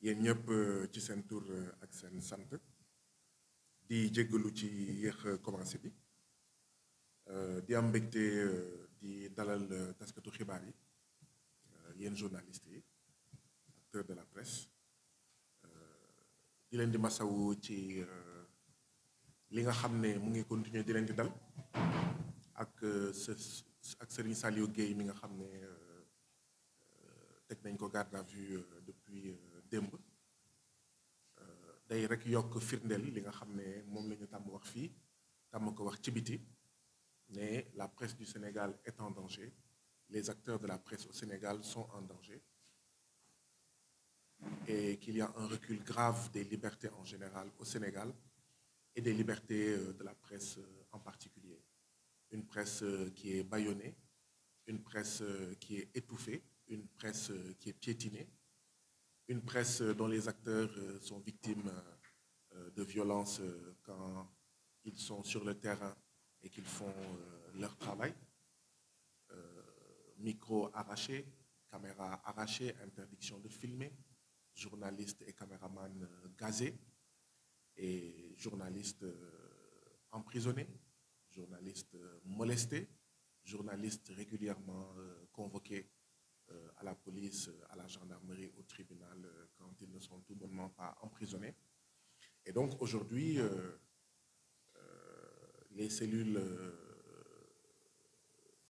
yéen ñëpp euh, ci seen tour euh, ak seen sant di jéggalu ci yéex euh, commencé bi di am mbégte di dalal taskatu xibaar yi yéen journalistes yi acteurs de la presse di leen di masawu ci li nga xam ne mu ngi continuer di leen di dal ak sa ak Serigne mi nga xam ne. teg nañ ko garde à vue euh, depuis euh, démb euh, day rek yokk firndeel li nga xam ne moom la ñu tàmm wax fii tàmm ko wax ci biti ne la presse du Sénégal est en danger les acteurs de la presse au Sénégal sont en danger et qu'il y a un recul grave des libertés en général au Sénégal et des libertés de la presse en particulier. Une presse qui est bâillonnée, une presse qui est étouffée, une presse euh, qui est piétinée, une presse euh, dont les acteurs euh, sont victimes de violences quand ils sont sur le terrain et qu'ils font leur travail. Micro arraché, caméra arrachée, interdiction de filmer, journalistes et caméramans gazés et journalistes emprisonnés, journaliste molestés, journalistes régulièrement convoqués Euh, à la police, à la gendarmerie, au tribunal, euh, quand ils ne sont tout bonnement pas emprisonnés. Et donc aujourd'hui, euh, les cellules